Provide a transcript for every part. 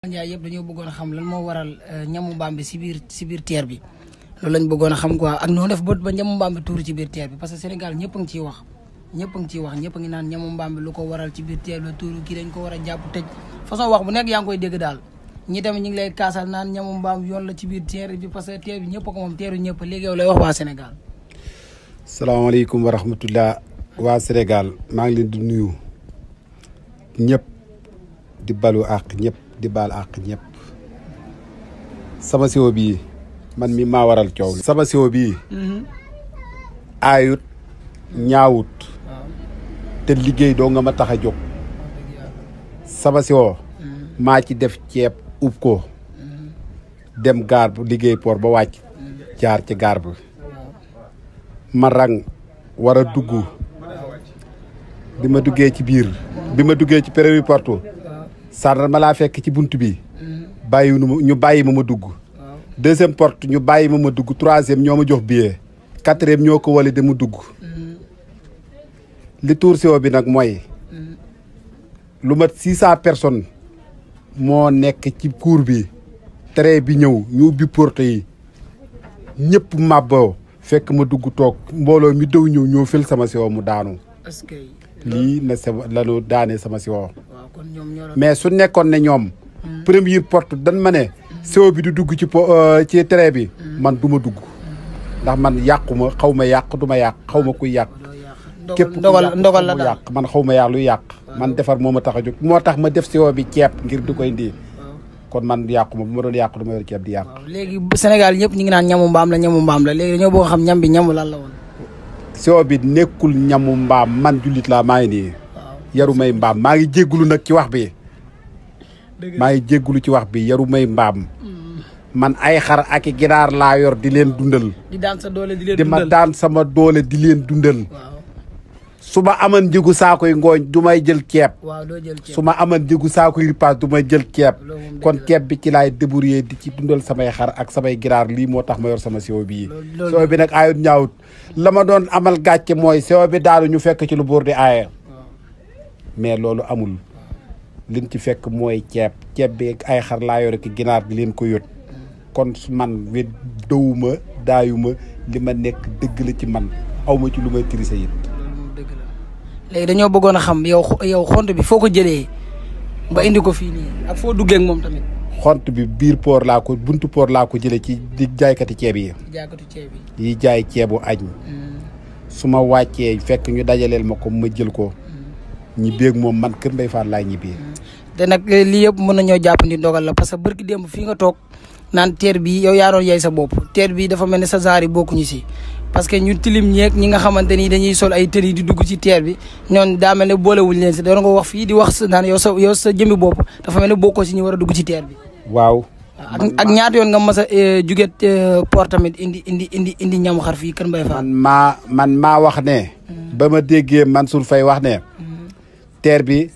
Ndiaye yëpp dañoo bëggoon a xam lan moo waral euh, ñamu mbaam bi si biir si biir teer bi loolu lañ bëggoon a xam quoi ak noonu def ba ba ñamu mbaam bi tuuru ci biir teer bi parce que Sénégal ñëpp a ngi wax ñëpp ngi naan ñamu mbaam bi lu ko waral ci biir teer bi la tuuru kii war a jàpp tëj wax bu nekk yaa ngi koy dégg daal ñi tamit ñu ngi lay kaasal naan ñamu mbaam yoon la ci biir teer bi parce que teer bi ñëpp a ko moom teeru ñëpp léegi yow lay wax waa Sénégal salaamaaleykum wa waa Sénégal maa ngi leen di nuyu ñëpp di balu àq ñëpp di baal àq ñépp sama siwo bii man mi maa waral coow sama siwo bii mm-hmm. aayut ñaawut te liggéey doo nga ma tax a jóg sama siwo mm-hmm. maa ci def ceeb ub ko mm-hmm. dem garbu bu liggéey port ba wàcc jaar ci gaar bi ma rang war a dugg bi ma duggee ci biir bi ma duggee ci prévu partout ma laa fekk ci bunt bi bàyyi ñu bàyyi ma ma dugg deuxième porte ñu bàyyi ma ma dugg troisième ñoo ma jox billet quatrième ñoo ko wali de mu dugg li tuur siwo bi nag mooy lu mat six cent moo nekk ci cour bi train bi ñëw ñu ubbi porte yi ñëpp màbboo fekk ma dugg toog mbooloo mi dëw ñëw ñoo fël sama siwo mu daanu lii na sa lanu daane sama siwo mais su nekkoon ne ñoom. Hmm. première porte dan ma ne. sew bi du dugg ci po euh, ci train bi. Hmm. man du ma dugg. ndax man yàqu ma xaw ma yàq du ma yàq xaw ma kuy yàq. képp ndogal ndogal la daal man xaw ma yàq luy yàq. man defar moo ma tax a jóg moo tax ma def sew bi ceeb ngir di koy indi. kon man yàqu ma bu ma doon yàq du ma yor ceeb di yàq. léegi Sénégal ñëpp ñu ngi naan ñamu mbaam la ñamu mbaam la léegi dañoo bëgg xam ñam bi ñamu lan la woon. sew bi nekkul ñamu mbaam man jullit laa maa ngi nii. yarumay mbaam maa ngi jéggulu nag ci wax bi maa ngi jéggulu ci wax bi yarumay mbaam man ay xar ak i ginaar laa yor di leen dundal di doole di leen dundal di ma daan sama doole di leen dundal su ma aman saako saakoy ngooñ du may jël ceeb su ma aman saako saakoy ripaas du may jël ceeb kon ceeb bi ci laay débrouiller di ci dundal samay xar ak samay ginaar lii moo tax ma yor sama sewo bii sewo bi nag aayut ñaawut la ma doon amal gàcce mooy sewo bi daanu ñu fekk ci lu buur di aaye mais loolu amul liñ ci fekk mooy ceeb ceeb bi ay xar laa yore ki ginaar bi leen ko yót kon man wet dëwuma daayuma li ma nekk dëgg la ci man awma ci lu may trisé it dañoo bëggoon a xam yow yow xont bi foo ko jëlee ba indi ko fii nii ak foo duggee moom tamit xont bi biir poor laa ko buntu poor laa ko jëlee ci di jaaykati ceeb yi jaaykati ceeb yi yi jaay ceebu añ mm. su ma wàccee fekk ñu dajaleel ma ko ma jël ko ñibbeeg moom man kër Ndeye Fall laay ñibbee. te nag eh, lii yëpp mën nañoo jàpp ni ndogal la parce que barki démb fii nga toog naan teer bi yow yaa doon sa bopp teer bi dafa mel ne sa zaar yi bokkuñu si. parce que ñu tilim ñeeg ñi nga xamante ni dañuy sol ay tëri di dugg ci teer bi ñoon daa mel ne boolewuñ leen si da nga wax fii di sa naan yow sa yow sa jëmmi bopp mel ne bokkoo si ñu war a ci teer bi. waaw. ak ñaata yoon nga mas a eh, jóge eh, port tamit indi indi indi indi ñam xar fii Kër Mbaye Fall. maa man maa wax ne. Mm. ba ma déggee Mansour fay wax ne. teer bi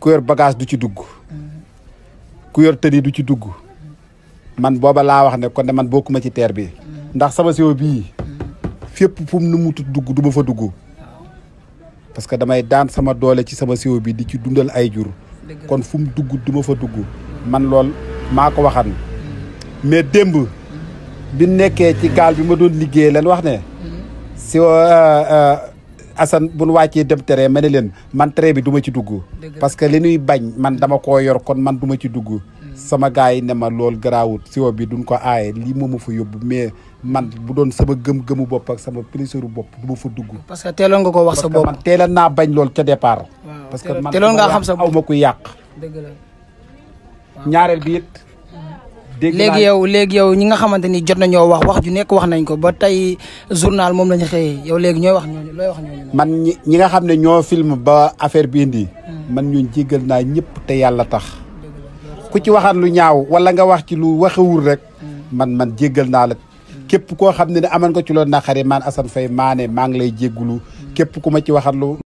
ku yor bagage du ci dugg ku yor tëni du ci dugg man booba laa wax ne kon de man bokkuma ci teer bi ndax sama siwo bii fépp fu nu mu dugg du ma fa dugg parce que damay daan sama doole ci sama siwo bii di ci dundal ay jur kon fu mu dugg duma fa dugg man lool maa ko waxan mais démb bi nekkee ci gaal bi ma doon liggéey leen wax ne mm-hmm. siwo euh, euh, asan bu nu wàccee dem tere ma ne leen man tere bi duma ci dugg. parce que li nuy bañ man dama koo yor kon man duma ci dugg. Mm. sama gars yi ne ma loolu garaawut siwo bi duñ ko aaye lii moomu fa yóbbu mais man bu doon sama gëm-gëmu bopp ak sama plaisiru bopp du ma fa dugg. parce que teeloon nga ko wax sa bopp man teeloon naa bañ lool ca départ. parce que man teeloon nga xam sa bopp aw ma yàq. ñaareel bi it léegi yow léegi yow ñi nga xamante ni jot nañoo wax wax ju nekk wax nañ ko ba tey journal moom la ñu xëyee yow léegi ñooy wax ñooñu looy wax ñooñu. man ñi nga xam ne ñoo film ba affaire bi di hmm. man ñun jéggal naa ñëpp te yàlla tax. ku ci waxaat lu ñaaw wala nga wax ci lu waxewul rek. Hmm. man man jéggal naa la. Hmm. képp koo xam ne ne aman ko ci loolu naqari man Assane Faye maa ne maa ngi lay jéggulu képp ku ma ci waxaat